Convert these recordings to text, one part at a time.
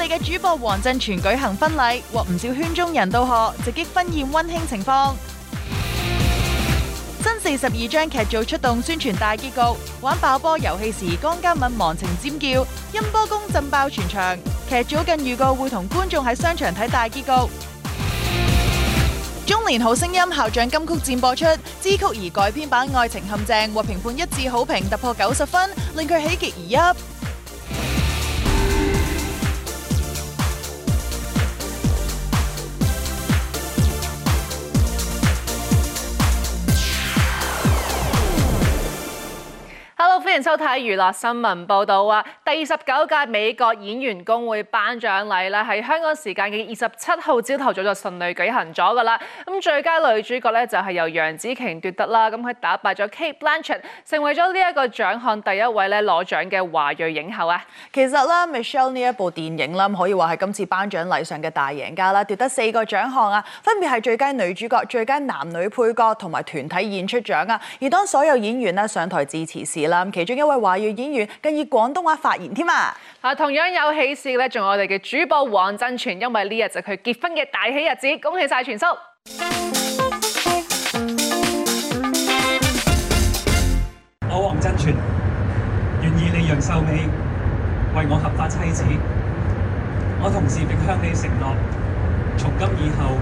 我哋嘅主播王振全舉行婚禮，獲唔少圈中人到賀，直擊婚宴溫馨情況。新四十二章劇組出動宣傳大結局，玩爆波遊戲時，江嘉敏忘情尖叫，音波功震爆全場。劇組更預告會同觀眾喺商場睇大結局。中年好聲音校長金曲戰播出，支曲而改編版《愛情陷阱》獲評判一致好評，突破九十分，令佢喜極而泣。收睇娛樂新聞報導啊，第二十九屆美國演員工會頒獎禮咧，喺香港時間嘅二十七號朝頭早就順利舉行咗噶啦。咁最佳女主角咧就係由楊紫瓊奪得啦，咁佢打敗咗 Kate Blanchett，成為咗呢一個獎項第一位咧攞獎嘅華裔影后啊。其實啦 Michelle 呢一部電影啦，可以話係今次頒獎禮上嘅大贏家啦，奪得四個獎項啊，分別係最佳女主角、最佳男女配角同埋團體演出獎啊。而當所有演員咧上台致辭時啦，仲有一位華語演員，更以廣東話發言添啊！嗱、啊，同樣有喜事咧，仲有我哋嘅主播黃振全，因為呢日就係佢結婚嘅大喜日子，恭喜晒全叔！我黃振全願意你楊秀美為我合法妻子，我同時亦向你承諾，從今以後，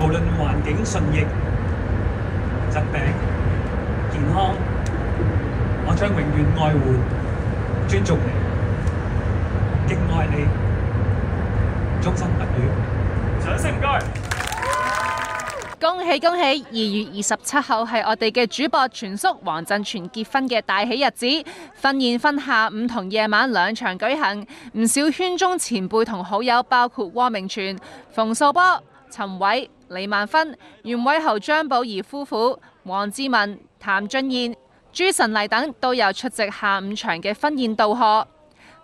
無論環境順逆、疾病、健康。將永遠愛護、尊重你、敬愛你，終生不渝。掌聲唔該！恭喜恭喜！二月二十七號係我哋嘅主播全叔黃振全結婚嘅大喜日子，婚宴分下午同夜晚兩場舉行。唔少圈中前輩同好友，包括汪明荃、馮素波、陳偉、李萬芬、袁偉豪、張寶兒夫婦、黃志文、譚俊彥、朱晨麗等都有出席下午場嘅婚宴道賀。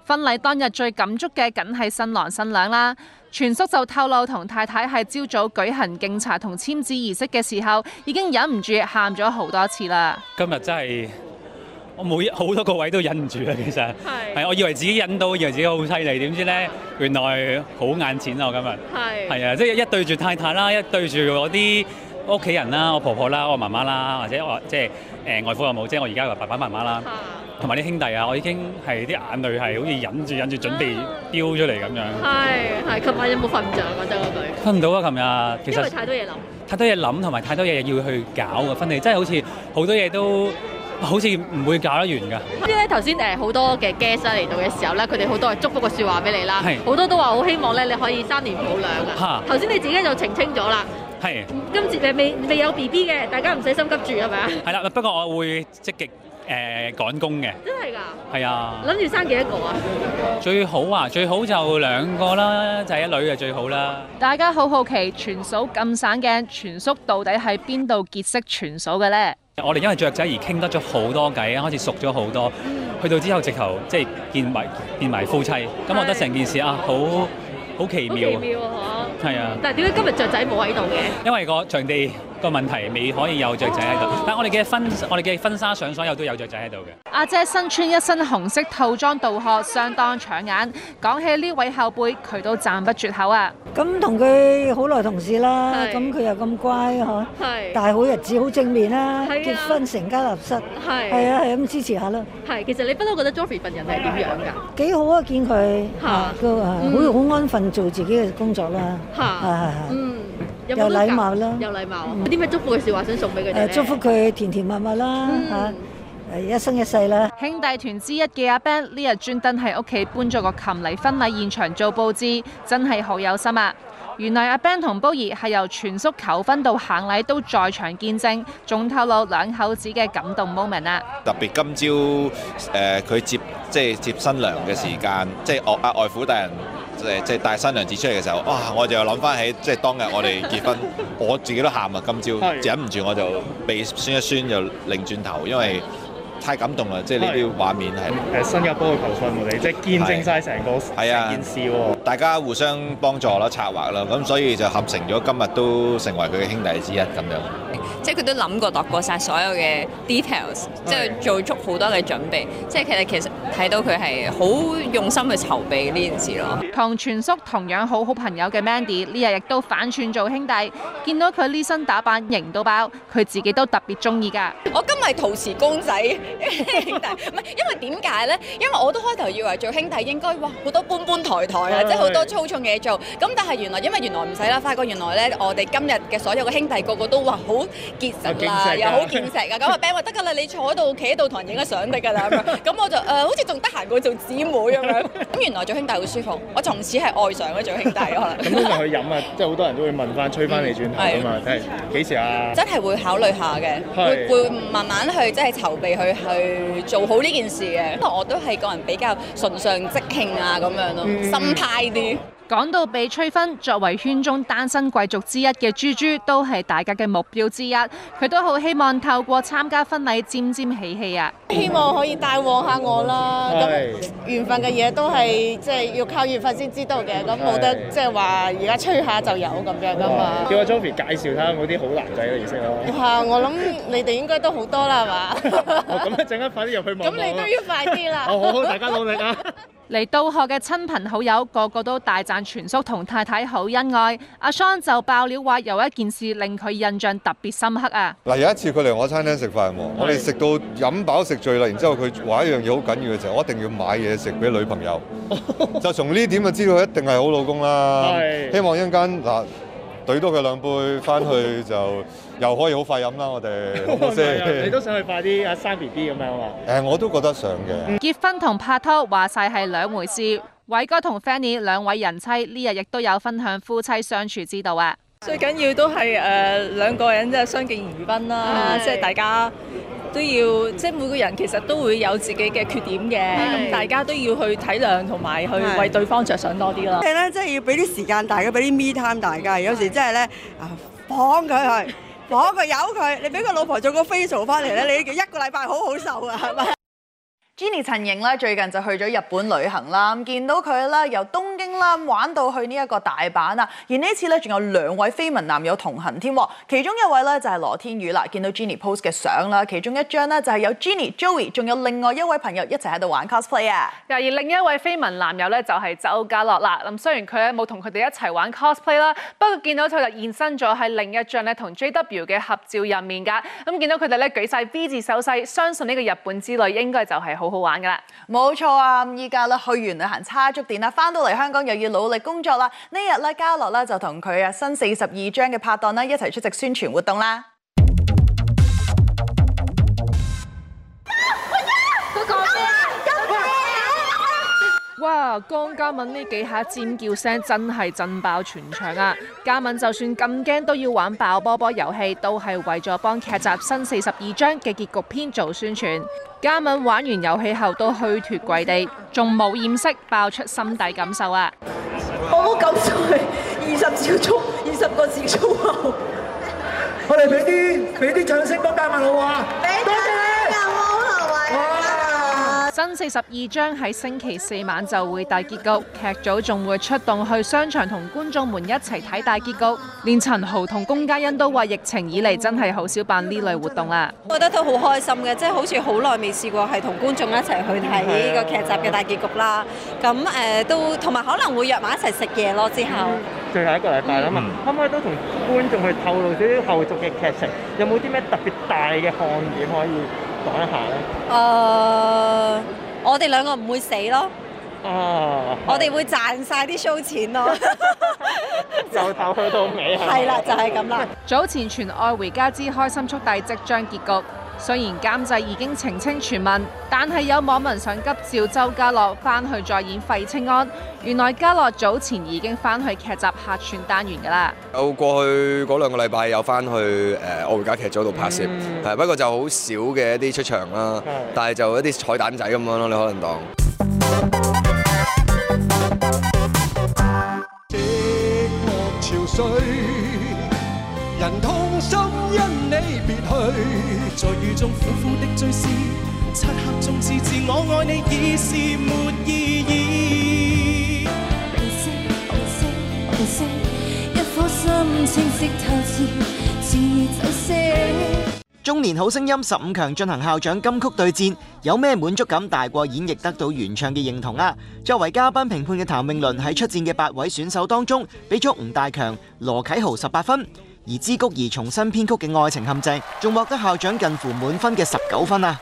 婚禮當日最感觸嘅，梗係新郎新娘啦。全叔就透露，同太太喺朝早舉行敬茶同簽字儀式嘅時候，已經忍唔住喊咗好多次啦。今日真係我每一好多個位都忍唔住啊！其實係，我以為自己忍到，以為自己好犀利，點知咧，原來好眼淺啊！今日係係啊，即係一對住太太啦，一對住我啲。屋企人啦、啊，我婆婆啦、啊，我媽媽啦、啊，或者我即係誒外父外母，即係我而家嘅爸爸媽媽啦、啊，同埋啲兄弟啊，我已經係啲眼淚係好似忍住忍住準備飆出嚟咁樣。係係，琴晚有冇瞓唔着啊？講到嗰句。瞓唔到啊！琴日其實因為太多嘢諗，太多嘢諗同埋太多嘢要去搞嘅婚禮，真係好似好多嘢都好似唔會搞得完㗎。啲咧頭先誒好多嘅 guest 嚟到嘅時候咧，佢哋好多係祝福嘅説話俾你啦，好多都話好希望咧你可以三年抱兩啊。頭先你自己就澄清咗啦。係，今節誒未未，未有 B B 嘅，大家唔使心急住係咪啊？係啦，不過我會積極誒、呃、趕工嘅。真係㗎？係啊。諗住生幾多個啊？最好啊，最好就兩個啦，就係、仔、一女就最好啦。大家好好奇全嫂咁省鏡，全叔到底喺邊度結識全嫂嘅咧？我哋因為雀仔而傾得咗好多偈，開始熟咗好多。去到之後直頭即係變埋變埋夫妻，咁我覺得成件事啊好好奇妙。奇妙呵、啊！係啊，但係點解今日雀仔冇喺度嘅？因為個場地、個問題未可以有雀仔喺度，啊啊啊啊啊啊但係我哋嘅婚我哋嘅婚紗相所有都有雀仔喺度嘅。阿姐，姐身穿一身紅色套裝道殼，相當搶眼。講起呢位後輩，佢都讚不絕口啊！咁同佢好耐同事啦，咁佢又咁乖呵？係。大好日子，好正面啦。係、啊、結婚成家立室。係。係啊，係咁、啊啊啊啊啊、支持下咯。係，其實你不嬲覺得 Joey 份人係點樣㗎？幾、啊啊、好啊！見佢嚇都啊，好好、嗯、安分做自己嘅工作啦。吓、啊，嗯，有禮貌啦，有禮貌。有啲咩祝福嘅說話想送俾佢哋？祝福佢甜甜蜜蜜啦，誒、嗯啊，一生一世啦。兄弟團之一嘅阿 Ben 呢日專登喺屋企搬咗個琴嚟婚禮現場做佈置，真係好有心啊！原來阿 Ben 同波兒係由全叔求婚到行禮都在場見證，仲透露兩口子嘅感動 moment 啊。特別今朝誒佢接即係接新娘嘅時間，即係外外父大人誒即係帶新娘子出嚟嘅時候，哇、哦！我就諗翻起即係當日我哋結婚， 我自己都喊啊！今朝 忍唔住我就鼻酸一酸，就擰轉頭，因為。太感動啦！即係呢啲畫面係誒新加坡嘅球賽，我哋即係見證晒成個係、啊、件事，大家互相幫助啦、策劃啦，咁所以就合成咗今日都成為佢嘅兄弟之一咁樣。即係佢都諗過度過晒所有嘅 details，即係做足好多嘅準備。即係其實其實睇到佢係好用心去籌備呢件事咯。同全叔同樣好好朋友嘅 Mandy，呢日亦都反串做兄弟，見到佢呢身打扮型到爆，佢自己都特別中意㗎。我今日陶瓷公仔，兄弟，唔係，因為點解呢？因為我都開頭以為做兄弟應該哇好多搬搬抬抬啊，即係好多粗重嘢做。咁但係原來因為原來唔使啦，發覺原來呢，我哋今日嘅所有嘅兄弟個個都話好～結實啦，又好健石啊，咁啊 band 話得㗎啦，你坐喺度，企喺度同人影個相得㗎啦，咁我就誒、呃、好似仲得閒過做姊妹咁樣，咁 原來做兄弟好舒服，我從此係愛上咗做兄弟可能。咁因為去飲啊，即係好多人都會問翻，吹翻你轉頭啊嘛，即係幾時啊？真係會考慮一下嘅，會會慢慢去即係、就是、籌備去去做好呢件事嘅，因、嗯、為我都係個人比較純上即興啊咁樣咯、嗯，心態啲。講到被催婚，作為圈中單身貴族之一嘅豬豬，都係大家嘅目標之一。佢都好希望透過參加婚禮沾沾喜氣啊！希望可以帶旺下我啦。咁緣分嘅嘢都係即係要靠緣分先知道嘅。咁冇得即係話而家催下就有咁樣噶嘛。叫阿 Joy 介紹下嗰啲好男仔嘅意識啦。哇！我諗你哋應該都好多啦 是吧 一下去你啦，係嘛？咁一陣間快啲入去望下。咁你都要快啲啦。好，好，大家努力啊！嚟到學嘅親朋好友個個都大讚全叔同太太好恩愛，阿桑就爆料話有一件事令佢印象特別深刻啊！嗱，有一次佢嚟我餐廳食飯，我哋食到飲飽食醉啦，然之後佢話一樣嘢好緊要嘅就係、是、我一定要買嘢食俾女朋友， 就從呢點就知道佢一定係好老公啦。希望一陣間嗱。兌多佢兩杯，翻去就又可以快喝好快飲啦！我哋，你都想去快啲阿生 B B 咁樣嘛？ 我都覺得想嘅。結婚同拍拖話曬係兩回事。偉哥同 Fanny 兩位人妻呢日亦都有分享夫妻相處之道啊！最緊要都係誒、呃、兩個人即係相敬如賓啦，即係、就是、大家。都要，即係每個人其實都會有自己嘅缺點嘅，咁大家都要去體諒同埋去為對方着想多啲咯。係啦，即係要俾啲時間大家，俾啲 me time 大家。有時真係咧，啊，幫佢佢，幫佢由佢。你俾個老婆做個 facial 翻嚟咧，你一個禮拜好好受啊，係咪？ Jenny 陳瑩啦，最近就去咗日本旅行啦。咁見到佢啦，由東京啦玩到去呢一個大阪啊。而呢次咧，仲有兩位緋聞男友同行添。其中一位咧就係羅天宇啦。見到 Jenny post 嘅相啦，其中一張咧就係有 Jenny、Joey，仲有另外一位朋友一齊喺度玩 cosplay 啊。而另一位緋聞男友咧就係周家樂啦。咁雖然佢冇同佢哋一齊玩 cosplay 啦，不過見到佢就現身咗喺另一張咧同 JW 嘅合照入面噶。咁見到佢哋咧舉晒 V 字手勢，相信呢個日本之旅應該就係好～好好玩的啦，冇錯啊！咁依家去完旅行差足點啦，翻到嚟香港又要努力工作啦。呢日嘉樂就同佢新四十二張嘅拍檔一齊出席宣傳活動啦。哇！江嘉敏呢幾下尖叫聲真係震爆全場啊！嘉敏就算咁驚都要玩爆波波遊戲，都係為咗幫劇集新四十二章嘅結局篇做宣傳。嘉敏玩完遊戲後都虛脫跪地，仲冇掩飾爆出心底感受啊！我剛才二十字鐘、二十個字鐘後，我哋俾啲俾啲掌聲幫嘉敏好啊！啦！多謝。新四十二章喺星期四晚就會大結局，劇組仲會出動去商場同觀眾們一齊睇大，大結局。連陳豪同龔嘉欣都話：疫情以嚟真係好少辦呢類活動啦。我覺得都好開心嘅，即係好似好耐未試過係同觀眾一齊去睇呢個劇集嘅大結局啦。咁誒都同埋可能會約埋一齊食嘢咯。之後最後一個禮拜啦嘛，可唔可以都同觀眾去透露少少後續嘅劇情？有冇啲咩特別大嘅看點可以？講一下咧，誒、uh,，我哋兩個唔會死咯，uh, 我哋會賺晒啲 show 錢咯，由頭去到尾啊，係啦，就係、是、咁啦。 早前《全愛回家之開心速遞》即將結局。雖然監製已經澄清傳聞，但係有網民想急召周嘉洛返去再演廢青安。原來嘉洛早前已經返去劇集客串單元㗎啦。有過去嗰兩個禮拜有翻去誒《愛回家》劇組度拍攝，係、嗯、不過就好少嘅一啲出場啦、嗯。但係就一啲彩蛋仔咁樣咯，你可能當。中年好聲音十五強進行校長金曲對戰，有咩滿足感大過演繹得到原唱嘅認同呀？作為嘉賓評判嘅譚詠麟喺出戰嘅八位選手當中，俾咗吳大強、羅啟豪十八分。而知谷兒重新編曲嘅愛情陷阱，仲獲得校長近乎滿分嘅十九分啊！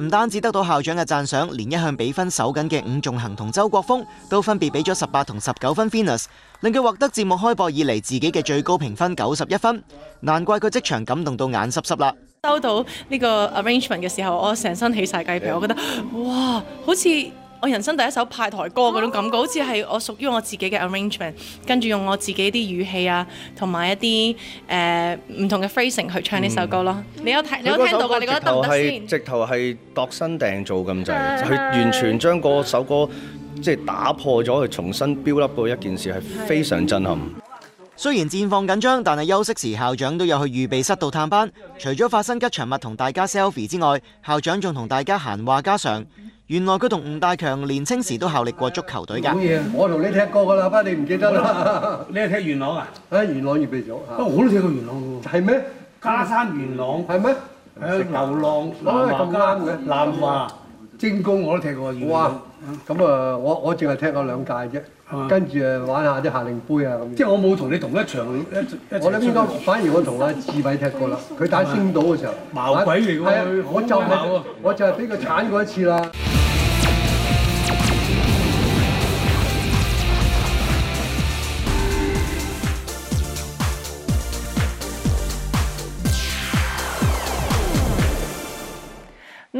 唔單止得到校長嘅讚賞，連一向比分守緊嘅伍仲衡同周國峰都分別俾咗十八同十九分，Finus 令佢獲得節目開播以嚟自己嘅最高評分九十一分，難怪佢即場感動到眼濕濕啦！收到呢個 arrangement 嘅時候，我成身起晒雞皮，我覺得哇，好似～我人生第一首派台歌嗰種感覺，好似係我屬於我自己嘅 arrangement，跟住用我自己啲語氣啊，呃、同埋一啲誒唔同嘅 phrasing 去唱呢首歌咯、嗯。你有睇，你有聽、嗯、你聽到過？你覺得得唔得？直頭係度身訂做，度身訂造咁就係，佢完全將嗰首歌即係打破咗去重新 build up 嘅一件事係非常震撼的的。雖然戰況緊張，但係休息時校長都有去預備室度探班。除咗化身吉祥物同大家 selfie 之外，校長仲同大家閒話家常。原來佢同吳大強年青時都效力過足球隊噶。冇嘢，我同你踢過噶啦，不過你唔記得啦。你係踢元朗啊？啊，元朗預備組。我都踢過元朗噶。係咩？加山元朗。係咩？啊，牛浪、南華、南華、精工我都踢過元朗。哇！咁啊，我我淨係踢咗兩屆啫。啊、跟住誒玩下啲夏令杯啊咁。即係我冇同你同一場一。一，一我諗應該反而我同阿志偉踢過啦。佢打星島嘅時候，矛鬼嚟喎佢，我就係、是、我就係俾佢鏟過一次啦。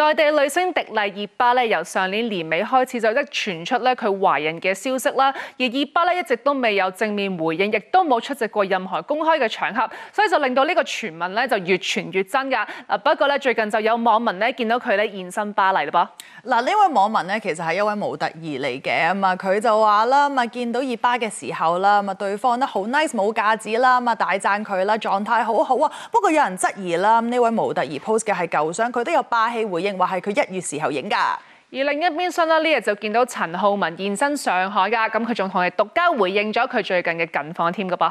內地女星迪麗熱巴咧，由上年年尾開始就一直傳出咧佢懷孕嘅消息啦。而熱巴咧一直都未有正面回應，亦都冇出席過任何公開嘅場合，所以就令到呢個傳聞咧就越傳越真㗎。嗱，不過咧最近就有網民咧見到佢咧現身巴黎啦。嗱，呢位網民咧其實係一位模特兒嚟嘅啊嘛，佢就話啦，咁啊見到熱巴嘅時候啦，咁啊對方咧好 nice 冇架子啦，咁啊大讚佢啦，狀態好好啊。不過有人質疑啦，呢位模特兒 post 嘅係舊相，佢都有霸氣回應。定話係佢一月時候影噶。而另一邊廂，呢日就見到陳浩文現身上海噶，咁佢仲同我哋獨家回應咗佢最近嘅近況添噶噃。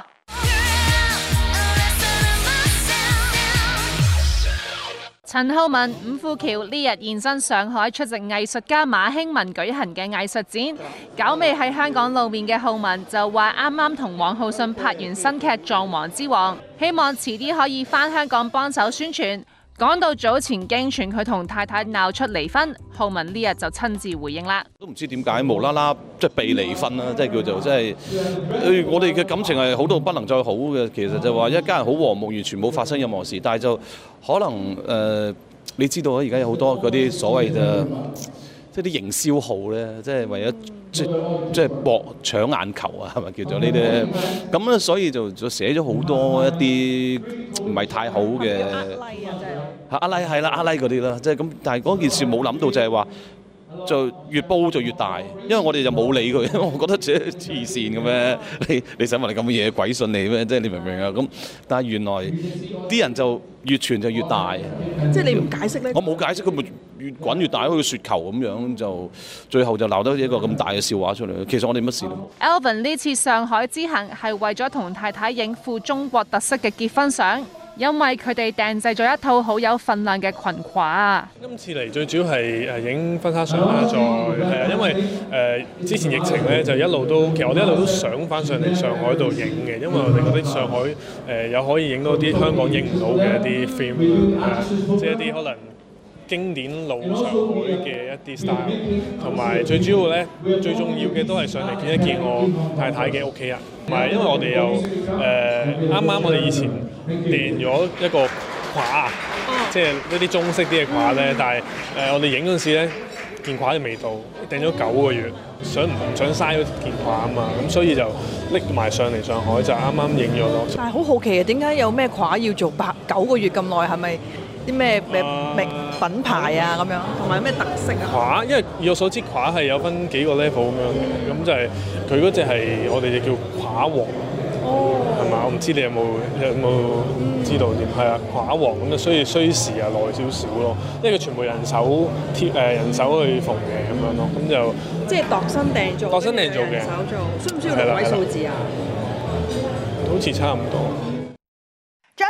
陳浩文五富橋呢日現身上海，出席藝術家馬興文舉行嘅藝術展。久未喺香港露面嘅浩文就話：啱啱同王浩信拍完新劇《狀王之王》，希望遲啲可以翻香港幫手宣傳。講到早前驚傳佢同太太鬧出離婚，浩文呢日就親自回應啦。都唔知點解無啦啦即係被離婚啦，即係叫做即係，我哋嘅感情係好到不能再好嘅。其實就話一家人好和睦，完全冇發生任何事。但係就可能誒、呃，你知道啊，而家有好多嗰啲所謂嘅。即係啲營銷號咧，即係為咗即即係搏搶眼球啊，係咪叫做呢啲？咁咧，所以就就寫咗好多一啲唔係太好嘅。阿拉啊，真係。嚇！阿拉係啦，阿拉嗰啲啦，即係咁。但係嗰件事冇諗到就係話，就越煲就越大，因為我哋就冇理佢，因為我覺得黐線嘅咩？你你想問你咁嘅嘢，鬼信你咩？即係你明唔明啊？咁但係原來啲人就越傳就越大。即係你唔解釋咧？我冇解釋，佢越滾越大，好似雪球咁樣，就最後就鬧得一個咁大嘅笑話出嚟。其實我哋乜事都冇。Alvin 呢次上海之行係為咗同太太影副中國特色嘅結婚相，因為佢哋訂製咗一套好有份量嘅裙褂啊。今次嚟最主要係誒影婚紗相啦，再係啊，因為誒、呃、之前疫情咧就一路都，其實我哋一路都想翻上嚟上海度影嘅，因為我哋覺得上海誒、呃、有可以影到啲香港影唔到嘅一啲 theme 即係一啲可能。經典老上海嘅一啲 style，同埋最主要咧，最重要嘅都係上嚟見一見我太太嘅屋企人，唔係，因為我哋又誒啱啱我哋以前訂咗一個褂啊，即係一啲中式啲嘅褂咧，但係誒我哋影嗰陣時咧，件褂都未到，訂咗九個月，想唔想嘥咗件褂啊嘛，咁所以就拎埋上嚟上海就啱啱影咗咯。但係好好奇啊，點解有咩褂要做八九個月咁耐係咪？啲咩咩品牌啊咁樣，同、uh, 埋有咩特色啊？褂，因為以我所知，褂係有分幾個 level 咁樣嘅，咁、mm. 就係佢嗰隻係我哋叫褂王。哦，係嘛？我唔知你有冇有冇、mm. 知道點？係啊，褂王咁啊，需要需時啊耐少少咯，因為佢全部人手貼誒、呃、人手去縫嘅咁樣咯，咁就、mm. 即係度身訂造，度身訂造嘅，人手做，需唔需要六位數字啊？好似差唔多。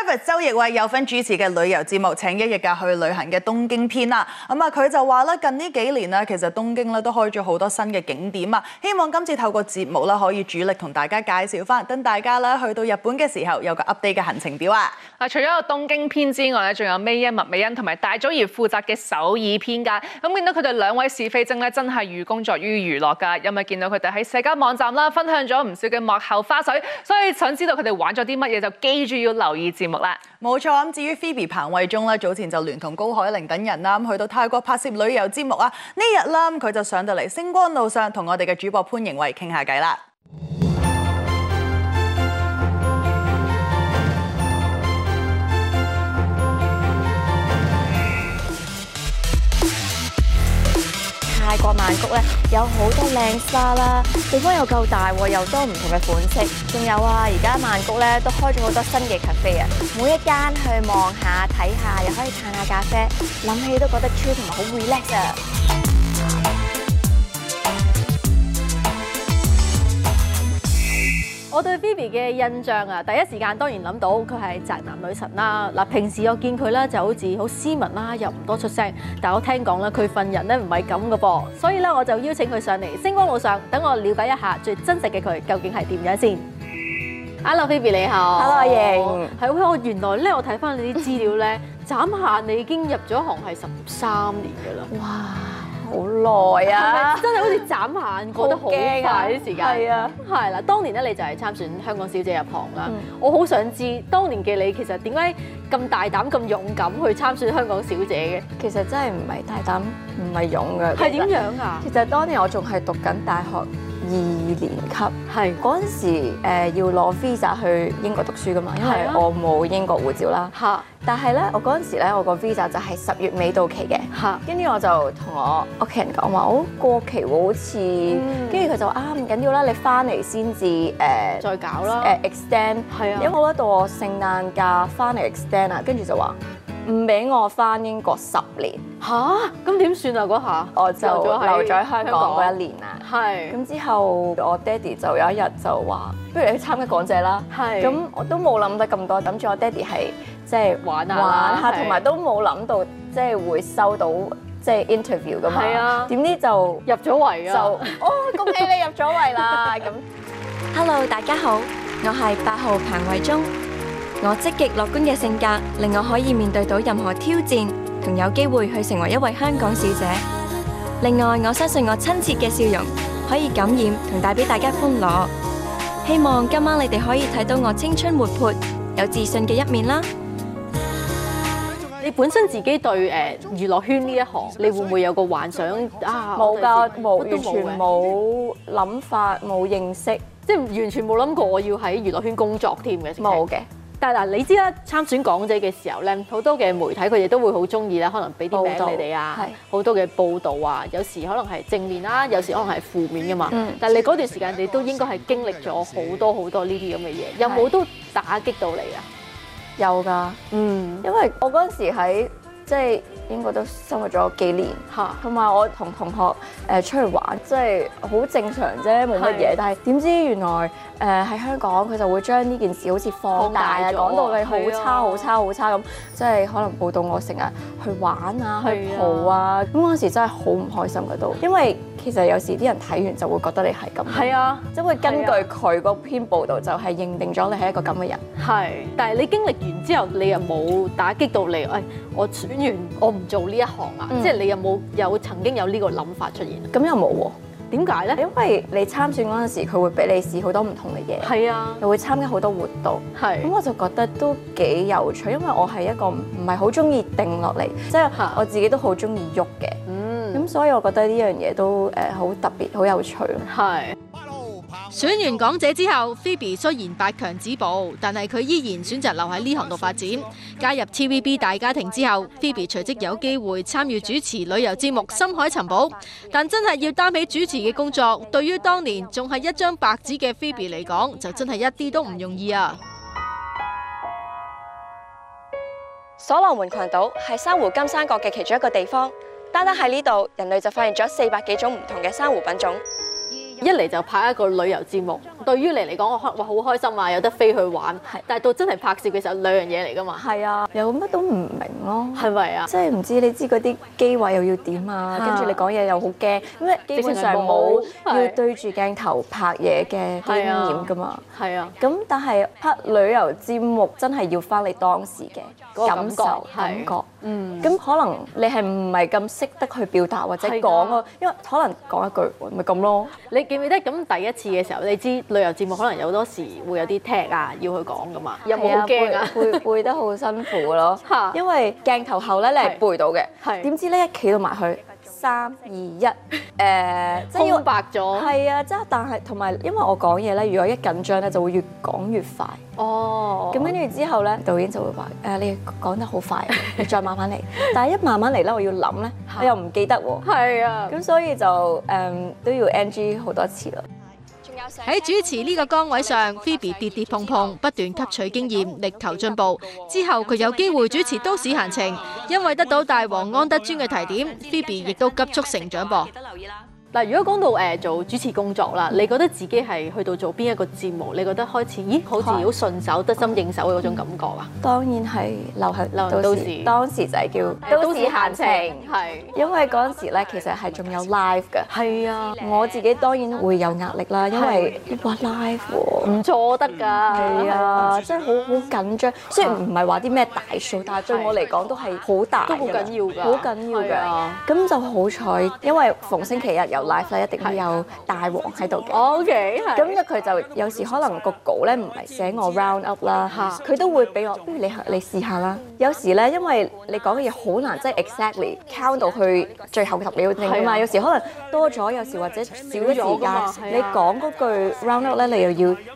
因為周奕偉有份主持嘅旅遊節目《請一日假去旅行》嘅東京篇啦，咁啊佢就話咧近呢幾年咧，其實東京咧都開咗好多新嘅景點啊，希望今次透過節目咧可以主力同大家介紹翻，等大家咧去到日本嘅時候有個 update 嘅行程表啊。嗱，除咗有東京篇之外咧，仲有咩？麥美恩同埋大祖兒負責嘅首爾篇㗎，咁見到佢哋兩位是非精咧，真係寓工作於娛樂㗎，因為見到佢哋喺社交網站啦分享咗唔少嘅幕後花絮，所以想知道佢哋玩咗啲乜嘢，就記住要留意節目。冇錯，咁至於 Phoebe 彭慧中咧，早前就聯同高海寧等人啦，去到泰國拍攝旅遊節目啊。呢日啦，佢就上到嚟星光路上，同我哋嘅主播潘瑩慧傾下偈啦。泰國曼谷咧，有好多靚沙啦，地方又夠大，又多唔同嘅款式，仲有啊！而家曼谷咧都開咗好多新嘅 cafe 啊，每一間去望下睇下，又可以嘆下咖啡，諗起都覺得超同埋好 relax 啊！我對 Phoebe 嘅印象啊，第一時間當然諗到佢係宅男女神啦。嗱，平時我見佢咧就好似好斯文啦，又唔多出聲。但我聽講咧，佢份人咧唔係咁嘅噃。所以咧，我就邀請佢上嚟星光路上，等我了解一下最真實嘅佢究竟係點樣先。Hello，Phoebe 你好。Hello，阿盈。係我原來咧，我睇翻你啲資料咧，眨下你已經入咗行係十三年噶啦。哇、wow.！好耐啊！真係好似眨眼 過得好快啲時間。係啊，係啦。當年咧，你就係參選香港小姐入行啦。嗯、我好想知當年嘅你其實點解咁大膽咁勇敢去參選香港小姐嘅？其實真係唔係大膽，唔係勇嘅。係點樣啊？其實當年我仲係讀緊大學。二年級係嗰陣時，誒要攞 Visa 去英國讀書㗎嘛，因為我冇英國護照啦。嚇！但係咧，我嗰陣時咧，我個 Visa 就係十月尾到期嘅。嚇！跟住我就同我屋企人講話，哦，過期喎，好似。跟住佢就話啊，唔緊要啦，你翻嚟先至誒。再搞啦。誒，extend。係啊。因為我咧到我聖誕假翻嚟 extend 啊，跟住就話。唔俾我翻英國十年，嚇！咁點算啊？嗰下我就留咗喺香港嗰一年啊。係。咁之後我爹哋就有一日就話：不如你參加港姐啦。係。咁我都冇諗得咁多，等住我爹哋係即係玩下玩下，同埋都冇諗到即係會收到即係 interview 噶嘛。係啊。點知就入咗圍啊就哦，恭喜你入咗圍啦！咁，Hello，大家好，我係八號彭慧中。我積極樂觀嘅性格令我可以面對到任何挑戰，同有機會去成為一位香港小姐。另外，我相信我親切嘅笑容可以感染同帶俾大家歡樂。希望今晚你哋可以睇到我青春活潑、有自信嘅一面啦。你本身自己對誒、呃、娛樂圈呢一行，你會唔會有個幻想啊？冇㗎，冇完全冇諗法，冇認識，即係完全冇諗過我要喺娛樂圈工作添嘅。冇嘅。但係嗱，你知啦，參選港姐嘅時候咧，好多嘅媒體佢哋都會好中意啦，可能俾啲名俾你哋啊，好多嘅報導啊，有時可能係正面啦，有時可能係負面㗎嘛、嗯。但係你嗰段時間，你都應該係經歷咗好多好多呢啲咁嘅嘢，有冇都打擊到你啊？有㗎，嗯，因為我嗰陣時喺。即係應該都生活咗幾年吓，同埋我同同學誒出去玩，即係好正常啫，冇乜嘢。但係點知原來誒喺香港佢就會將呢件事好似放大，講到你好差好差好差咁，即係、就是、可能報道我成日去玩啊，去蒲啊。咁嗰陣時真係好唔開心嘅都，因為其實有時啲人睇完就會覺得你係咁，係啊，即係會根據佢嗰篇報道就係認定咗你係一個咁嘅人。係，但係你經歷完之後，你又冇打擊到你誒，我。完我唔做呢一行啊，嗯、即係你有冇有曾經有呢個諗法出現？咁又冇喎。點解呢？因為你參選嗰陣時，佢會俾你試好多唔同嘅嘢，係啊，又會參加好多活動，係。咁我就覺得都幾有趣，因為我係一個唔係好中意定落嚟，即係我自己都好中意喐嘅，嗯。咁所以我覺得呢樣嘢都誒好特別，好有趣咯，係。選完港姐之後，Phoebe 雖然八強止步，但係佢依然選擇留喺呢行度發展。加入 TVB 大家庭之後，Phoebe 隨即有機會參與主持旅遊節目《深海尋寶》，但真係要擔起主持嘅工作，對於當年仲係一張白紙嘅 Phoebe 嚟講，就真係一啲都唔容易啊！所羅門群島係珊瑚金三角嘅其中一個地方，單單喺呢度，人類就發現咗四百幾種唔同嘅珊瑚品種。一嚟就拍一個旅遊節目，對於你嚟講，我哇好開心啊，有得飛去玩。係啊，但係到真係拍攝嘅時候，兩樣嘢嚟㗎嘛。係啊，又乜都唔明咯，係咪啊？即係唔知你知嗰啲機位又要點啊？跟住、啊、你講嘢又好驚，因為基本上冇要對住鏡頭拍嘢嘅經驗㗎嘛。係啊，咁、啊、但係拍旅遊節目真係要翻你當時嘅感受、那個、感覺。嗯，咁可能你係唔係咁識得去表達或者講咯？因為可能講一句咪咁咯。你記唔記得咁第一次嘅時候，你知旅遊節目可能有好多時會有啲 tag 啊要去講㗎嘛？有冇好驚啊？背背，背得好辛苦咯， 因為鏡頭後咧你係背到嘅，點知咧一企到埋去。三二一，誒，空白咗，係啊，即係，但係同埋，因為我講嘢咧，如果一緊張咧，就會越講越快。哦，咁跟住之後咧，導演就會話：誒，你講得好快，你再慢慢嚟。但係一慢慢嚟咧，我要諗咧，我又唔記得喎。係啊，咁所以就誒都要 NG 好多次咯。喺主持呢個崗位上，Phoebe 跌跌碰碰，不斷吸取經驗，力求進步。之後佢有機會主持《都市閒情》。因為得到大王安德尊嘅提點，Phoebe 亦都急速成長噃。嗱，如果講到誒做主持工作啦，你覺得自己係去到做邊一個節目，你覺得開始咦，咦，好似好順手、啊、得心應手嘅嗰種感覺啊？當然係流行，到時當時就係叫都市閒情，係，因為嗰陣時咧其實係仲有 live 嘅係啊，我自己當然會有壓力啦、啊啊，因為要 live 唔錯得㗎係啊，即係好好緊張，雖然唔係話啲咩大數，啊、但係對我嚟講都係好大，都好緊要㗎，好緊要㗎。咁就好彩，因為逢星期日有。life 咧一定會有大王喺度嘅。OK，係。咁啊，佢就有時可能個稿咧唔係寫我 round up 啦，嚇。佢都會俾我，不如你係你試下啦。有時咧，因為你講嘅嘢好難，即係 exactly count 到去最後嘅十秒定啊嘛。有時可能多咗，有時或者少咗時間，你講嗰句 round up 咧，你又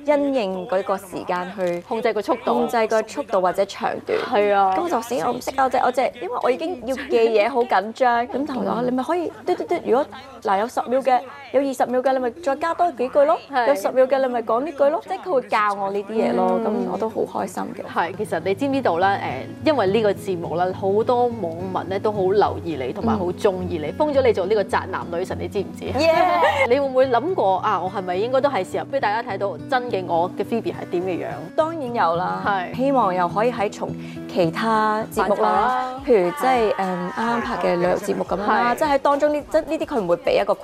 要因應嗰個時間去控制個速度，控制個速度或者長短。係啊。咁我就死我唔識啊！我只我只，因為我已經要記嘢好緊張，咁就你咪可以嘟嘟嘟。如果嗱有，十秒嘅有二十秒嘅，你咪再加多幾句咯。有十秒嘅，你咪講呢句咯。即係佢會教我呢啲嘢咯，咁我都好開心嘅。係，其實你知唔知道咧？誒，因為呢個節目咧，好多網民咧都好留意你，同埋好鍾意你，封咗你做呢個宅男女神，你知唔知？Yeah，你會唔會諗過啊？我係咪應該都係時候俾大家睇到真嘅我嘅 Phoebe 係點嘅樣？當然有啦。係，希望又可以喺從其他節目啦，譬如即係誒啱啱拍嘅旅遊節目咁樣，即係當中呢，即係呢啲佢唔會俾一個。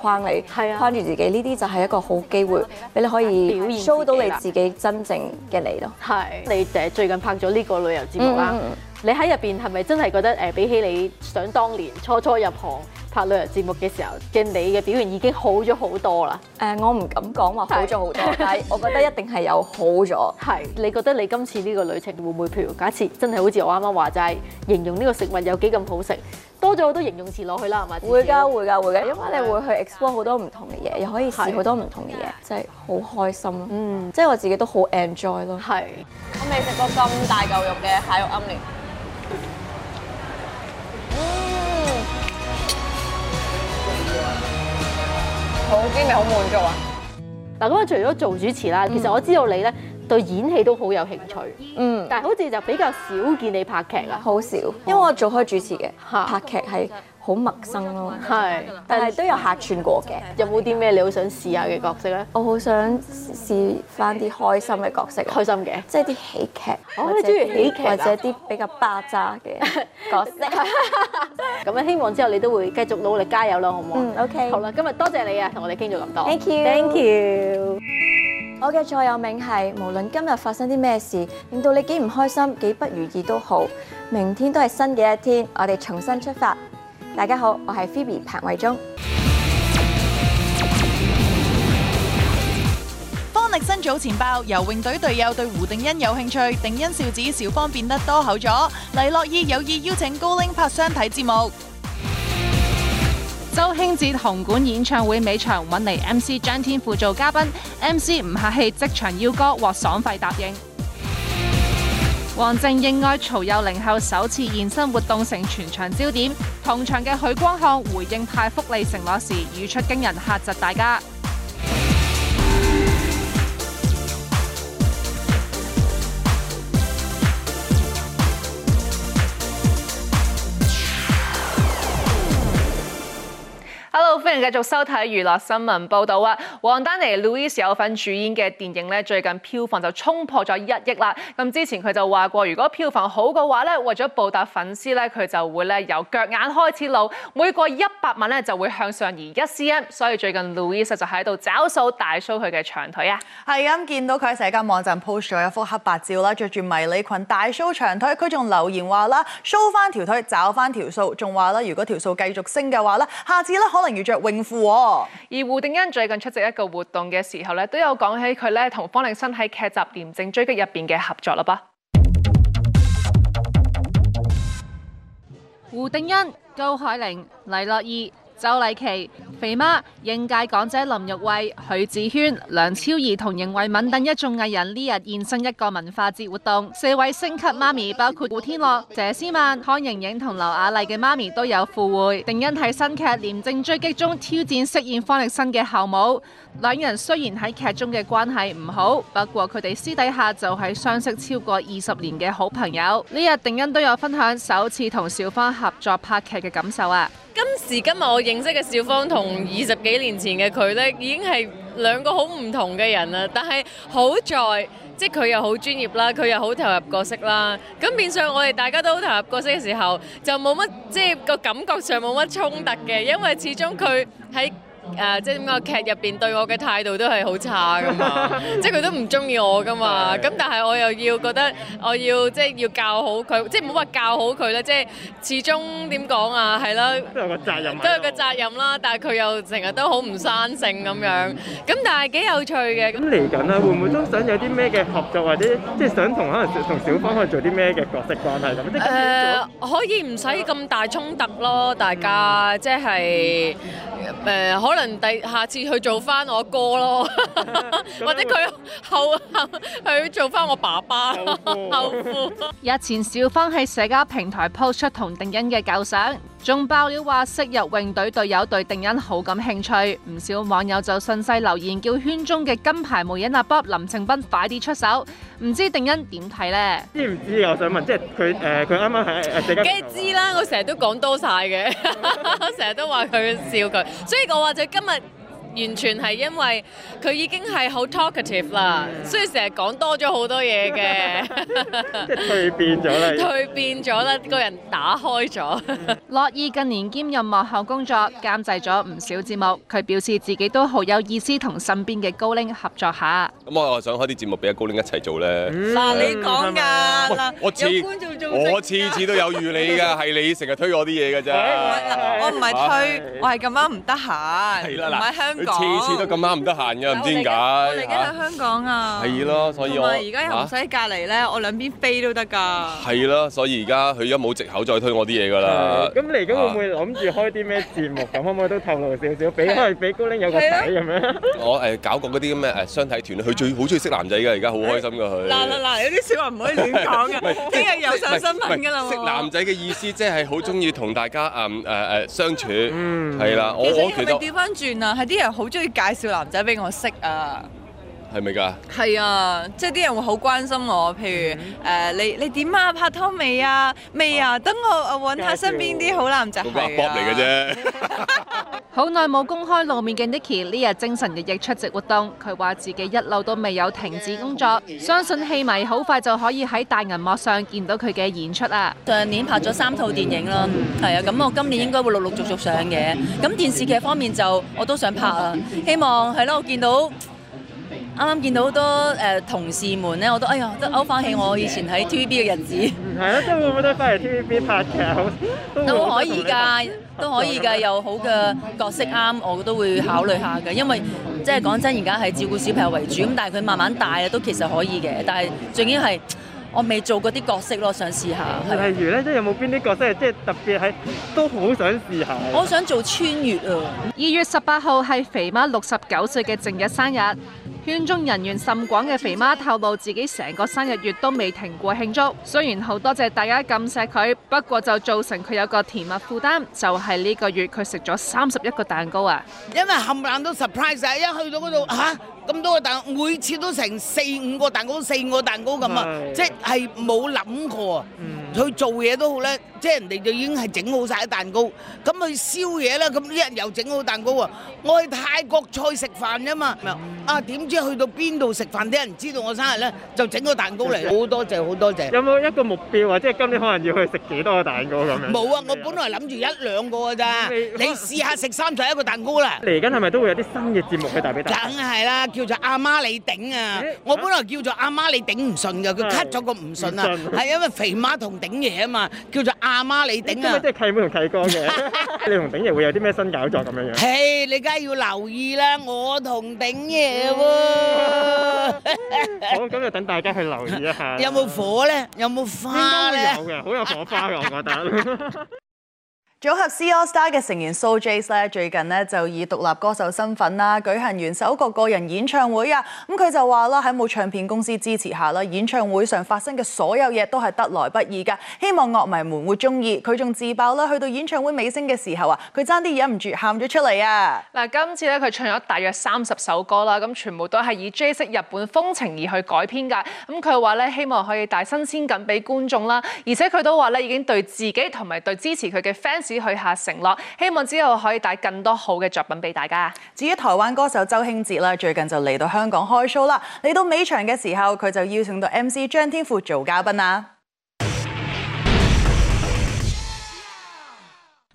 框你，框住、啊、自己，呢啲就係一個好機會，俾你可以表現到你自己真正嘅你咯。係，你誒最近拍咗呢個旅遊節目啦、嗯，你喺入邊係咪真係覺得誒、呃、比起你想當年初初入行拍旅遊節目嘅時候嘅你嘅表現已經好咗好多啦？誒、呃，我唔敢講話好咗好多，是但係我覺得一定係有好咗。係，你覺得你今次呢個旅程會唔會譬如假設真係好似我啱啱話，就係形容呢個食物有幾咁好食？多咗好多形容詞落去啦，係咪？會㗎會㗎會㗎，因為你會去 explore 好多唔同嘅嘢，又可以試好多唔同嘅嘢，即係好開心。嗯，即係我自己都好 enjoy 咯。係。我未食過咁大嚿肉嘅蟹肉奄列。嗯。好、嗯、鮮味好滿足啊！嗱，咁我除咗做主持啦、嗯，其實我知道你呢。對演戲都好有興趣，嗯，但好似就比較少見你拍劇喇，好少，因為我做開主持嘅，拍劇係。好陌生咯，係，但係都有客串過嘅。有冇啲咩你好想試下嘅角色咧？我好想試翻啲開心嘅角色，開心嘅，即係啲喜劇。我好中意喜劇，或者啲比較巴渣嘅角色。咁、嗯、樣 希望之後你都會繼續努力加油咯，好唔好？OK、嗯、好啦，今日多謝，謝你啊，同我哋傾咗咁多。Thank you，Thank you。我嘅座右銘係無論今日發生啲咩事，令到你幾唔開心、幾不如意都好，明天都係新嘅一天，我哋重新出發。大家好，我係 Phoebe 彭慧中。方力申早前爆游泳隊隊友對胡定欣有興趣，定欣笑指小方變得多口咗。黎諾懿有意邀請高凌拍相睇節目。周興哲紅館演唱會尾場搵嚟 M C 張天賦做嘉賓，M C 唔客氣即場邀歌獲爽快答應。王靜認愛曹佑寧後首次現身活動，成全場焦點。同場嘅許光漢回應派福利承諾時，語出驚人，嚇窒大家。迎繼續收睇娛樂新聞報道啊！王丹妮 Louise 有份主演嘅電影咧，最近票房就衝破咗一億啦。咁之前佢就話過，如果票房好嘅話咧，為咗報答粉絲咧，佢就會咧由腳眼開始露，每過一百萬咧就會向上移一 cm。所以最近 Louise 就喺度找數大 show 佢嘅長腿啊！係啊，見到佢喺社交網站 post 咗一幅黑白照啦，穿着住迷你裙大 show 長腿，佢仲留言話啦，show 翻條腿找翻條數，仲話啦，如果條數繼續升嘅話咧，下次咧可能要着。」泳富喎，而胡定欣最近出席一個活動嘅時候咧，都有講起佢咧同方力申喺劇集《廉政追擊》入邊嘅合作啦噃。胡定欣、高海寧、黎諾懿。周麗淇、肥媽、應屆港姐林玉慧、許志軒、梁超儀同邢慧敏等一眾藝人呢日現身一個文化節活動。四位升級媽咪包括古天樂、佘詩曼、康盈盈同劉雅麗嘅媽咪都有赴會。定欣喺新劇《廉政追擊》中挑戰飾演方力申嘅後母，兩人雖然喺劇中嘅關係唔好，不過佢哋私底下就係相識超過二十年嘅好朋友。呢日定欣都有分享首次同小方合作拍劇嘅感受啊！今時今日我認識嘅小芳同二十幾年前嘅佢呢，已經係兩個好唔同嘅人啦。但係好在，即係佢又好專業啦，佢又好投入角色啦。咁變相我哋大家都好投入角色嘅時候，就冇乜即係個感覺上冇乜衝突嘅，因為始終佢喺。誒，即係點講？劇入邊對我嘅態度都係好差噶嘛。 即係佢都唔中意我噶嘛。咁 但係我又要覺得，我要即係要教好佢，即係唔好話教好佢啦。即係始終點講啊，係啦都有個責任，都有個責任啦。但係佢又成日都好唔生性咁樣。咁但係幾有趣嘅。咁嚟緊啊，會唔會都想有啲咩嘅合作，或者即係想同可能同小方去做啲咩嘅角色關係咁？誒、呃，可以唔使咁大衝突咯。大家、嗯、即係。誒、呃，可能。第下次去做翻我哥咯，或者佢後佢做翻我爸爸後父。 日前，小芳喺社交平台 post 出同定欣嘅舊相。仲爆料話，昔日泳隊隊友對定欣好感興趣，唔少網友就順勢留言叫圈中嘅金牌媒人阿 Bob 林盛斌快啲出手，唔知定欣點睇咧？知唔知，我想問，即係佢誒，佢啱啱喺誒。梗、呃、係、呃呃、知啦，我成日都講多曬嘅，我成日都話佢笑佢， 所以我話就今日。完全係因為佢已經係好 talkative 啦，所以成日講多咗好多嘢嘅。即係蛻變咗了啦。蛻 變咗啦，個人打開咗。 樂意近年兼任幕後工作，監製咗唔少節目。佢表示自己都好有意思，同身邊嘅高鈴合作一下。咁我又想開啲節目俾阿高鈴一齊做咧。嗱、啊、你講㗎、嗯，我次觀我次次都有預 你㗎，係你成日推我啲嘢㗎啫。我唔係推，啊、我係咁啱唔得閒，唔係向。佢次次都咁啱唔得閒㗎，唔知點解、 嗯。我嚟緊香港啊！係咯，所以我而家又唔使隔離咧、啊，我兩邊飛都得㗎。係咯，所以而家佢而家冇藉口再推我啲嘢㗎啦。咁嚟緊會唔會諗住開啲咩節目？咁、 啊、可唔可以都透露少少？俾因為俾高鈴有個仔咁樣。 我誒、呃、搞過嗰啲咁嘅誒雙體團，佢最好中意識男仔㗎，而家好開心㗎佢。嗱嗱嗱，有啲說話唔可以亂講㗎。聽 日又上新聞㗎啦！識男仔嘅意思即係好中意同大家誒誒相處，係啦。我其實我調翻轉啊，係啲人。我好中意介紹男仔俾我識啊！係咪噶？係啊，即係啲人會好關心我，譬如誒、嗯呃，你你點啊？拍拖未啊？未啊？等、啊、我誒搵下身邊啲好男仔、啊。個阿伯嚟嘅啫。好耐冇公開露面嘅 Niki 呢日精神奕奕出席活動，佢話自己一路都未有停止工作，相信戲迷好快就可以喺大銀幕上見到佢嘅演出啦。上年拍咗三套電影咯。係啊，咁我今年應該會陸陸續續上嘅。咁電視劇方面就我都想拍啊，希望係咯、啊，我見到。啱啱見到好多誒、呃、同事們咧，我都哎呀，都勾翻起我以前喺 TVB 嘅日子。唔係啊，都冇得翻嚟 TVB 拍劇。都都可以㗎，都可以㗎，有好嘅角色啱我，都會考慮下㗎。因為即係講真，而家係照顧小朋友為主咁，但係佢慢慢大啊，都其實可以嘅。但係仲要係。我未做過啲角色咯，想試下是。例如咧，即係有冇邊啲角色即係特別喺，都好想試下。我想做穿越啊！二月十八號係肥媽六十九歲嘅正日生日，圈中人緣甚廣嘅肥媽透露自己成個生日月都未停過慶祝。雖然好多謝大家咁錫佢，不過就造成佢有個甜蜜負擔，就係呢個月佢食咗三十一個蛋糕啊！因為冚唪唥都 surprise 晒，一去到嗰度吓！啊咁多嘅蛋，每次都成四五個蛋糕，四五個蛋糕咁啊！是的，即係冇諗過啊，嗯、去做嘢都好叻。即係人哋就已經係整好曬啲蛋糕，咁去燒嘢啦。咁一日又整好蛋糕喎，我去泰國菜食飯啫嘛。啊，點知去到邊度食飯啲人知道我生日咧，就整個蛋糕嚟。好多謝好多謝。有冇一個目標啊？即係今年可能要去食幾多個蛋糕咁樣？冇啊！我本來諗住一兩個㗎咋。你試下食三十一個蛋糕啦。嚟緊係咪都會有啲新嘅節目去帶俾大家？梗係啦，叫做阿媽你頂啊！我本來叫做阿媽你頂唔順㗎，佢 cut 咗個唔順啊，係因為肥媽同頂爺啊嘛，叫做阿。阿媽,媽你頂啊！即係契妹同契哥嘅， 你同鼎爺會有啲咩新搞作咁樣樣？嘿，你梗係要留意啦，我同鼎爺喎、哦。 好，咁就等大家去留意一下。有冇火咧？有冇花？有嘅， 好有火花嘅，我覺得。 組合 C All Star 嘅成員 So Jace 咧，最近咧就以獨立歌手身份啦，舉行完首個個人演唱會啊！咁佢就話啦，喺冇唱片公司支持下啦，演唱會上發生嘅所有嘢都係得來不易噶，希望樂迷們會中意。佢仲自爆啦，去到演唱會尾聲嘅時候啊，佢爭啲忍唔住喊咗出嚟啊！嗱，今次咧佢唱咗大約三十首歌啦，咁全部都係以 Jace 式日本風情而去改編噶。咁佢話咧，希望可以帶新鮮感俾觀眾啦，而且佢都話咧已經對自己同埋對支持佢嘅 fans。只許下承諾，希望之後可以帶更多好嘅作品俾大家。至於台灣歌手周興哲啦，最近就嚟到香港開 show 啦。嚟到尾場嘅時候，佢就邀請到 MC 張天賦做嘉賓啦。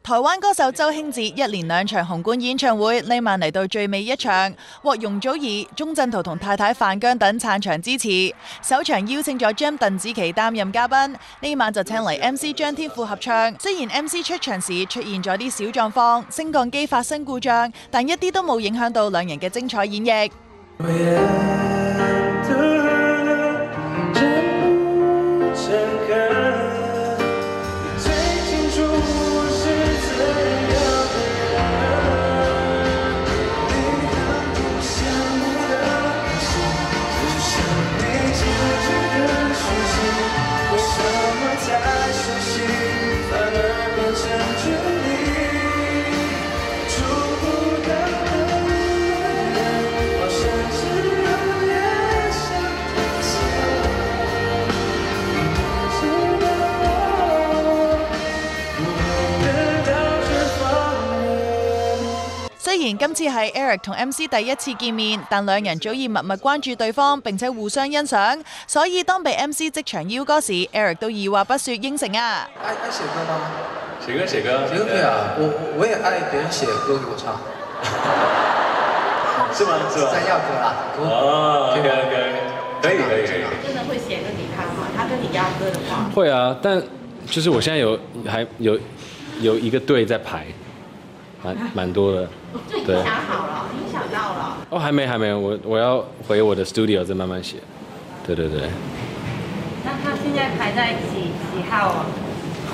台灣歌手周興哲一連兩場紅館演唱會，呢晚嚟到最尾一場，獲容祖兒、鍾鎮濤同太太范姜等撐場支持。首場邀請咗 Jam 鄧紫棋擔任嘉賓，呢晚就請嚟 M C 張天賦合唱。雖然 M C 出場時出現咗啲小狀況，升降機發生故障，但一啲都冇影響到兩人嘅精彩演繹。Eric 同 MC 第一次見面，但兩人早已默默關注對方，並且互相欣賞。所以當被 MC 即場邀歌時，Eric 都二話不說應承啊。寫歌寫歌對啊，我我也愛別人寫歌給我唱。 是嗎？是嗎？要歌啊。哦、oh,，OK OK，可以可以。真的會寫歌給他嗎？他跟你要歌的話。會啊，但就是我現在有還有有一個隊在排，蠻蠻、啊、多的。我已經想好了，已經想到了。哦，還沒，還沒，我我要回我的 studio 再慢慢寫。對對對。那他現在排在幾幾號啊、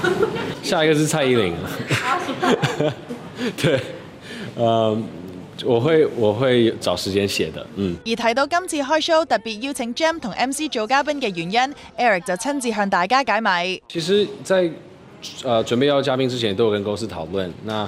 哦？ 下一個是蔡依林。 好笑 對，呃、um,，我會我會找時間寫的，嗯。而提到今次開 show 特別邀請 Jam 同 MC 做嘉賓嘅原因，Eric 就親自向大家解畫。其實在，在呃準備邀嘉賓之前，都有跟公司討論。那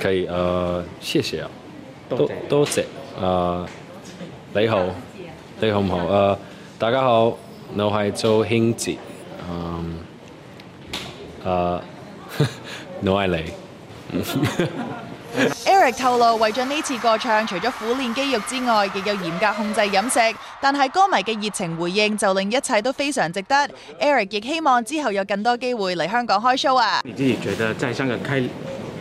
可以誒、呃，謝謝啊，多謝，多謝誒、啊，你好，你好唔好誒？大家好，我係周興哲，嗯、啊、誒，啊、 我係愛你。 Eric 透露為咗呢次歌唱，除咗苦練肌肉之外，亦有嚴格控制飲食，但係歌迷嘅熱情回應就令一切都非常值得。Eric 亦希望之後有更多機會嚟香港開 show 啊！你自己覺得真係生得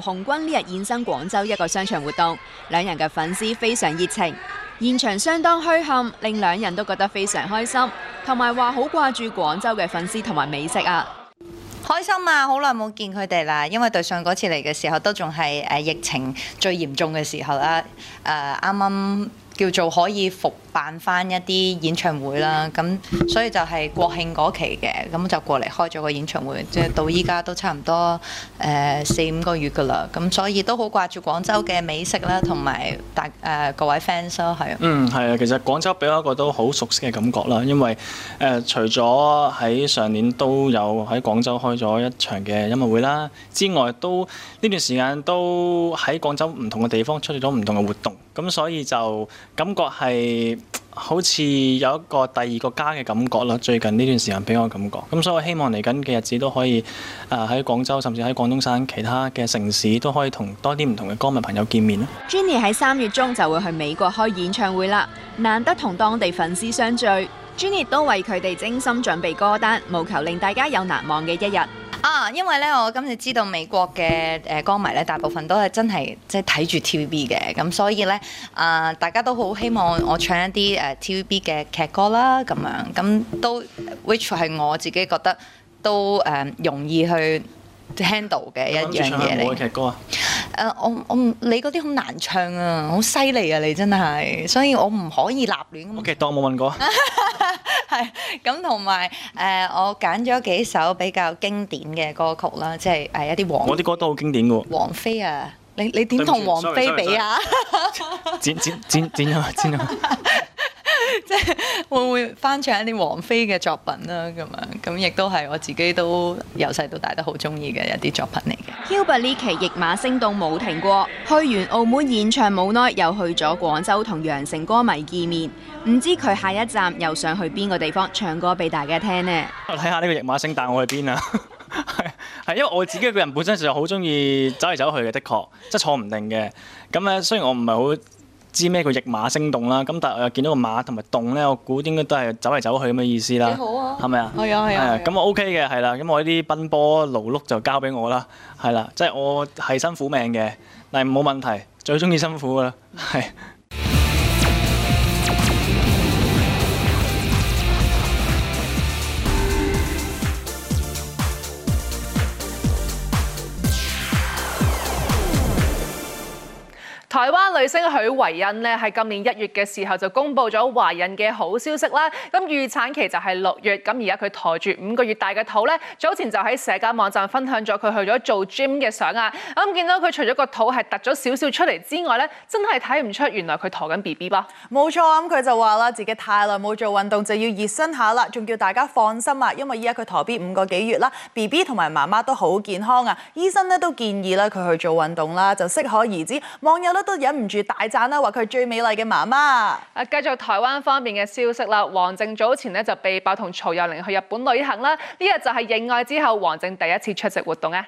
洪軍呢日現身廣州一個商場活動，兩人嘅粉絲非常熱情，現場相當墟冚，令兩人都覺得非常開心，同埋話好掛住廣州嘅粉絲同埋美食啊！開心啊，好耐冇見佢哋啦，因為對上嗰次嚟嘅時候都仲係誒疫情最嚴重嘅時候啦，誒啱啱叫做可以復。辦翻一啲演唱會啦，咁所以就係國慶嗰期嘅，咁就過嚟開咗個演唱會，即係到依家都差唔多誒四五個月㗎啦，咁所以都好掛住廣州嘅美食啦，同埋大誒各位 fans 咯，係。嗯，係啊，其實廣州俾我一個都好熟悉嘅感覺啦，因為誒除咗喺上年都有喺廣州開咗一場嘅音樂會啦，之外都呢段時間都喺廣州唔同嘅地方出現咗唔同嘅活動，咁所以就感覺係，好似有一個第二個家嘅感覺，最近呢段時間俾我感覺。咁所以我希望嚟緊嘅日子都可以，誒喺廣州，甚至喺廣東省其他嘅城市都可以同多啲唔同嘅歌迷朋友見面。Jenny 喺三月中就會去美國開演唱會啦，難得同當地粉絲相聚，Jenny 都為佢哋精心準備歌單，務求令大家有難忘嘅一日。啊，因為咧，我今次知道美國嘅誒歌迷咧，大部分都係真係即係睇住 TVB 嘅，咁所以咧啊、呃，大家都好希望我唱一啲誒、呃、TVB 嘅劇歌啦，咁樣咁都，which 係我自己覺得都誒、呃、容易去 handle 嘅一樣嘢嚟。我唱冇嘅劇歌啊！誒，我我唔，你嗰啲好難唱啊，好犀利啊，你真係，所以我唔可以立亂。OK，當我冇問過。係咁，同埋誒，我揀咗幾首比較經典嘅歌曲啦，即係誒一啲王。我啲歌都好經典嘅喎。王菲啊，你你點同王菲比啊？剪剪剪剪咗！剪咗！即 係會唔會翻唱一啲王菲嘅作品啦，咁樣咁亦都係我自己都由細到大都好中意嘅一啲作品嚟嘅。k r b e n i 呢期騎馬聲動冇停過，去完澳門演唱冇耐，又去咗廣州同羊城歌迷見面，唔知佢下一站又想去邊個地方唱歌俾大家聽呢？睇下呢個騎馬聲帶我去邊啊？係 因為我自己個人本身就係好中意走嚟走去嘅，的確即係坐唔定嘅。咁咧雖然我唔係好。知咩叫驛馬星動啦，咁但係我見到個馬同埋動咧，我估應該都係走嚟走去咁嘅意思啦，係咪啊？係啊係啊，咁我 OK 嘅係啦，咁我呢啲奔波勞碌就交俾我啦，係啦，即係我係辛苦命嘅，但係冇問題，最中意辛苦噶啦，係。女星許維恩咧，喺今年一月嘅時候就公布咗懷孕嘅好消息啦。咁預產期就係六月，咁而家佢駝住五個月大嘅肚呢，早前就喺社交網站分享咗佢去咗做 gym 嘅相啊。咁、嗯、見到佢除咗個肚係凸咗少少出嚟之外呢，真係睇唔出原來佢駝緊 B B 噃。冇錯，咁、嗯、佢就話啦，自己太耐冇做運動就要熱身一下啦，仲叫大家放心啊，因為依家佢駝 B 五個幾月啦，B B 同埋媽媽都好健康啊。醫生咧都建議咧佢去做運動啦，就適可而止。網友咧都忍唔住大讚啦，話佢最美麗嘅媽媽。啊，繼繼續台灣方面嘅消息啦。王靜早前就被爆同曹佑寧去日本旅行啦。呢、這、日、個、就係認愛之後，王靜第一次出席活動啊。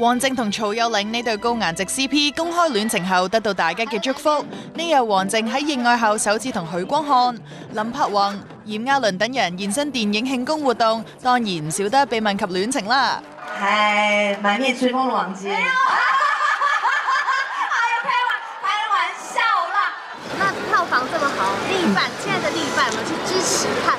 王淨同曹佑寧呢對高顏值 CP 公開戀情後，得到大家嘅祝福。呢日王淨喺認愛後，首次同許光漢、林柏宏、炎亞倫等人現身電影慶功活動，當然唔少得被問及戀情啦。係滿面吹風？王子？開 玩笑啦！ 那票房這麼好，另一半，親、嗯、愛的另一半，我們去支持看。」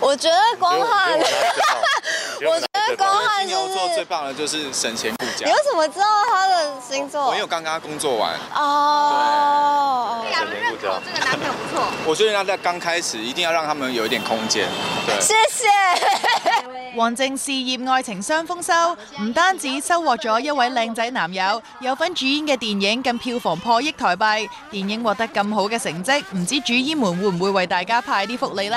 我覺得光漢，我， 我覺得光漢就是金牛座最棒的，就是省錢顧家。你有什麼知道他的星座？我，我有剛剛工作完。哦、oh，對啊，省錢顧家，這個男朋友不錯。Oh. 我覺得大在剛開始一定要讓他們有一點空間。對，謝謝。王靜事業愛情雙豐收，唔單止收穫咗一位靚仔男友，有份主演嘅電影更票房破億台幣。電影獲得咁好嘅成績，唔知主演們會唔會為大家派啲福利呢？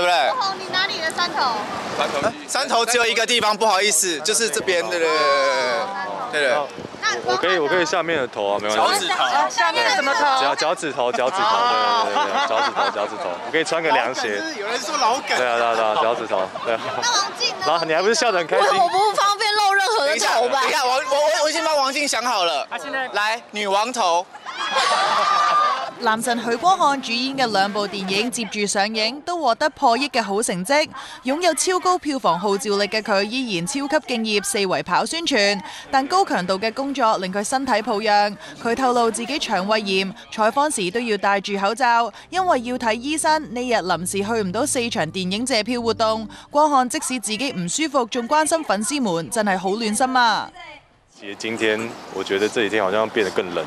對不對？你哪裏的山頭？啊、山頭，山頭只有一個地方，不好意思，就是這邊的對對，對，對，對，對，對那我，我可以，我可以下面的頭啊，沒問題。腳趾頭，下面什麼頭？腳腳趾頭，腳趾頭，oh. 對，對對對，腳趾頭，腳趾頭。我可以穿個涼鞋。有人說老梗。對啊，對啊，對啊，腳趾頭。對。那王靜呢？然後你還不是笑得很開心？是我，我不方便露任何的頭吧。你看，我我我我已經幫王靜想好了。他、啊、現在來女王頭。 男神許光漢主演嘅兩部電影接住上映，都獲得破億嘅好成績。擁有超高票房號召力嘅佢，依然超級敬業，四圍跑宣傳。但高強度嘅工作令佢身體抱恙，佢透露自己腸胃炎，採訪時都要戴住口罩，因為要睇醫生。呢日臨時去唔到四場電影借票活動，光漢即使自己唔舒服，仲關心粉絲們，真係好暖心啊！其實今天，我覺得這幾天好像變得更冷。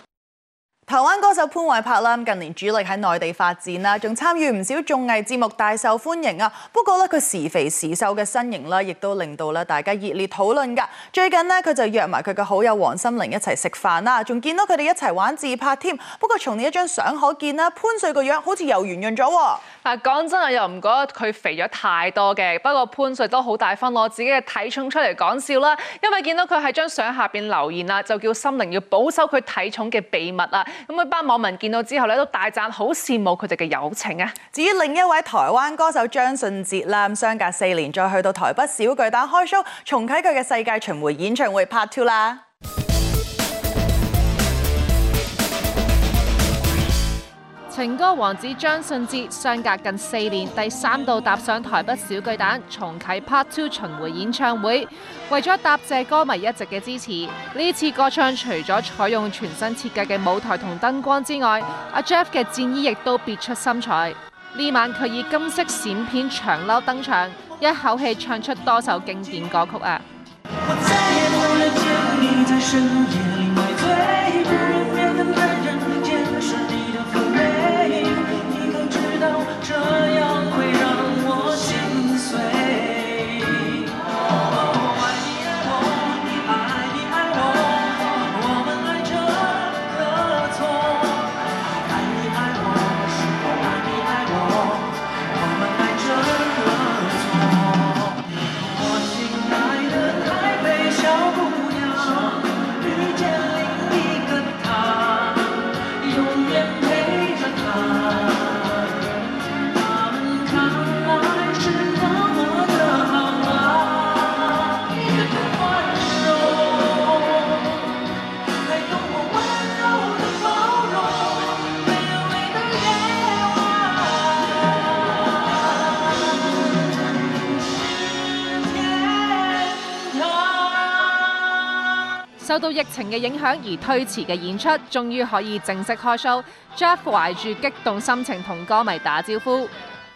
台灣歌手潘瑋柏啦，近年主力喺內地發展啦，仲參與唔少綜藝節目，大受歡迎啊。不過咧，佢時肥時瘦嘅身形咧，亦都令到咧大家熱烈討論㗎。最近咧，佢就約埋佢嘅好友王心凌一齊食飯啦，仲見到佢哋一齊玩自拍添。不過從呢一張相可見啦，潘帥個樣好似又圓潤咗。啊，講真我又唔覺得佢肥咗太多嘅，不過潘帥都好大方攞自己嘅體重出嚟講笑啦，因為見到佢喺張相下邊留言啦，就叫心凌要保守佢體重嘅秘密啊，咁一班網民見到之後咧都大讚，好羨慕佢哋嘅友情啊。至於另一位台灣歌手張信哲啦，相隔四年再去到台北小巨蛋開 show，重啟佢嘅世界巡迴演唱會 part two 啦。情歌王子張信哲相隔近四年第三度踏上台北小巨蛋，重啟 Part Two 巡迴演唱會，為咗答謝歌迷一直嘅支持，呢次歌唱除咗採用全新設計嘅舞台同燈光之外，阿 Jeff 嘅戰衣亦都別出心裁。呢晚佢以金色閃片長褸登場，一口氣唱出多首經典歌曲啊！我受到疫情嘅影響而推遲嘅演出，終於可以正式開 show。Jeff 懷住激動心情同歌迷打招呼，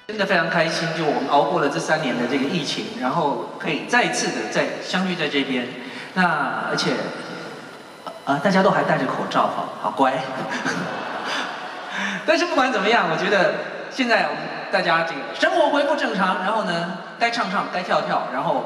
真的非常開心，就我們熬過了這三年的這個疫情，然後可以再次的再相遇在這邊。那而且、呃，大家都還戴着口罩，好好乖。 但是不管怎麼樣，我覺得現在我們大家這個生活恢復正常，然後呢，該唱唱，該跳跳，然後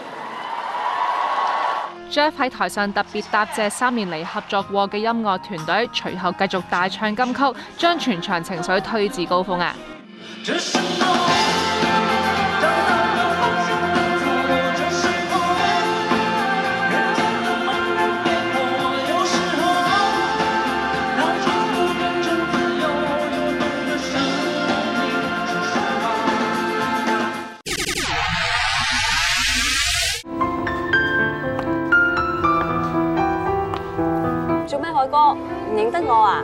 Jeff 喺台上特別答謝三年嚟合作過嘅音樂團隊，隨後繼續大唱金曲，將全場情緒推至高峰啊！哥唔認得我啊？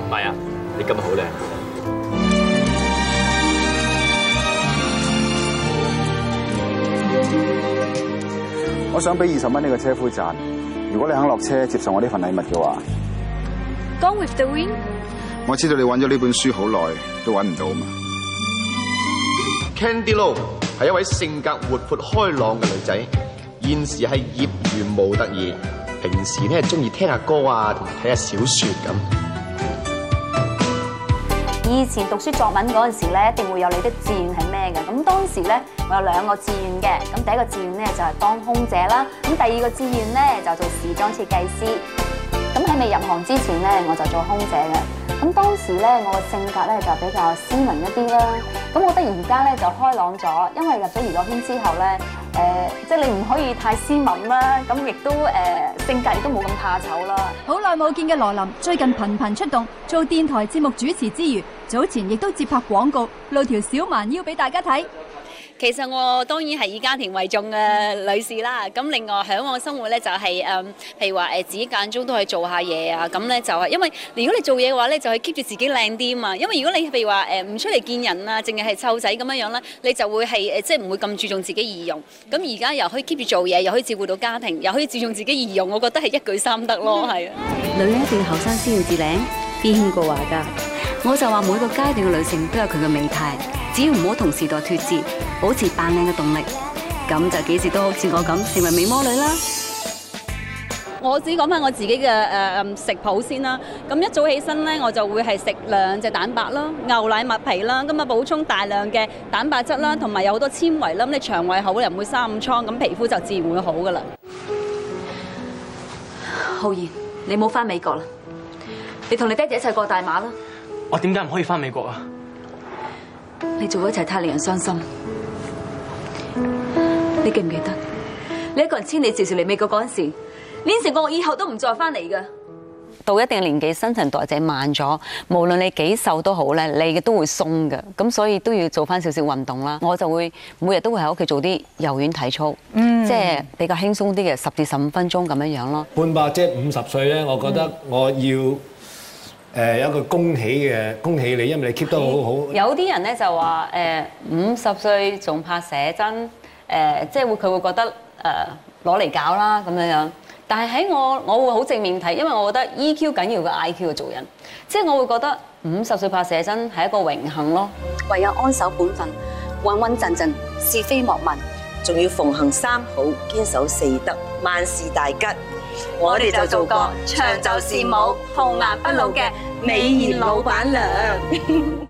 唔係啊，你今日好靚。我想俾二十蚊呢個車夫賺。如果你肯落車接受我呢份禮物嘅話。Gone with the Wind。我知道你揾咗呢本書好耐，都揾唔到嘛。Candy Lo 係一位性格活潑開朗嘅女仔，現時係業餘模特兒。平時咧，中意聽下歌啊，同埋睇下小說咁。以前讀書作文嗰陣時咧，一定會有你的志願係咩嘅？咁當時咧，我有兩個志願嘅。咁第一個志願咧就係當空姐啦。咁第二個志願咧就做時裝設計師。咁喺未入行之前咧，我就做空姐嘅。咁當時咧，我嘅性格咧就比較斯文一啲啦。咁我覺得而家咧就開朗咗，因為入咗娛樂圈之後咧。誒，即係你唔可以太斯文啦，咁亦都誒，性格亦都冇咁怕醜啦。好耐冇見嘅羅琳，最近頻頻出動做電台節目主持之餘，早前亦都接拍廣告，露條小蠻腰俾大家睇。其實我當然係以家庭為重嘅女士啦。咁另外響我生活咧就係、是、誒，譬如話誒自己間中都去做下嘢啊。咁咧就係、是、因為如果你做嘢嘅話咧，就係 keep 住自己靚啲啊嘛。因為如果你譬如話誒唔出嚟見人啊，淨係係湊仔咁樣樣啦，你就會係誒即係唔會咁注重自己儀容。咁而家又可以 keep 住做嘢，又可以照顧到家庭，又可以注重自己儀容，我覺得係一舉三得咯，係啊。女人要後生先自靚，邊個話噶？我就話每個階段嘅女性都有佢嘅美態，只要唔好同時代脱節，保持扮靚嘅動力，咁就幾時都好似我咁成為美魔女啦。我只講翻我自己嘅誒、呃、食譜先啦。咁一早起身咧，我就會係食兩隻蛋白啦、牛奶、麥皮啦，咁啊補充大量嘅蛋白質啦，同埋有好多纖維啦。咁你腸胃好又唔會生暗瘡，咁皮膚就自然會好噶啦。浩然，你冇翻美國啦，你同你爹哋一齊過大馬啦。我點解唔可以翻美國啊？你做咗一齊太令人傷心。你記唔記得？你一個人千里迢迢嚟美國嗰陣時，連成個我以後都唔再翻嚟噶。到一定年紀新陳代謝慢咗，無論你幾瘦都好咧，你嘅都會鬆嘅。咁所以都要做翻少少運動啦。我就會每日都會喺屋企做啲柔軟體操，即、嗯、係、就是、比較輕鬆啲嘅十至十五分鐘咁樣樣咯。半百即係五十歲咧，我覺得我要。嗯有一個恭喜嘅，恭喜你，因為你 keep 得好好。有啲人咧就話五十歲仲拍寫真，即係會佢會覺得誒攞嚟搞啦咁樣樣。但係喺我我會好正面睇，因為我覺得 EQ 緊要過 IQ 做人，即係我會覺得五十歲拍寫真係一個榮幸咯。唯有安守本分，穩穩陣陣，是非莫問，仲要奉行三好，堅守四德，萬事大吉。我哋就做個長袖善舞，紅顏不老嘅美艷老闆娘。嗯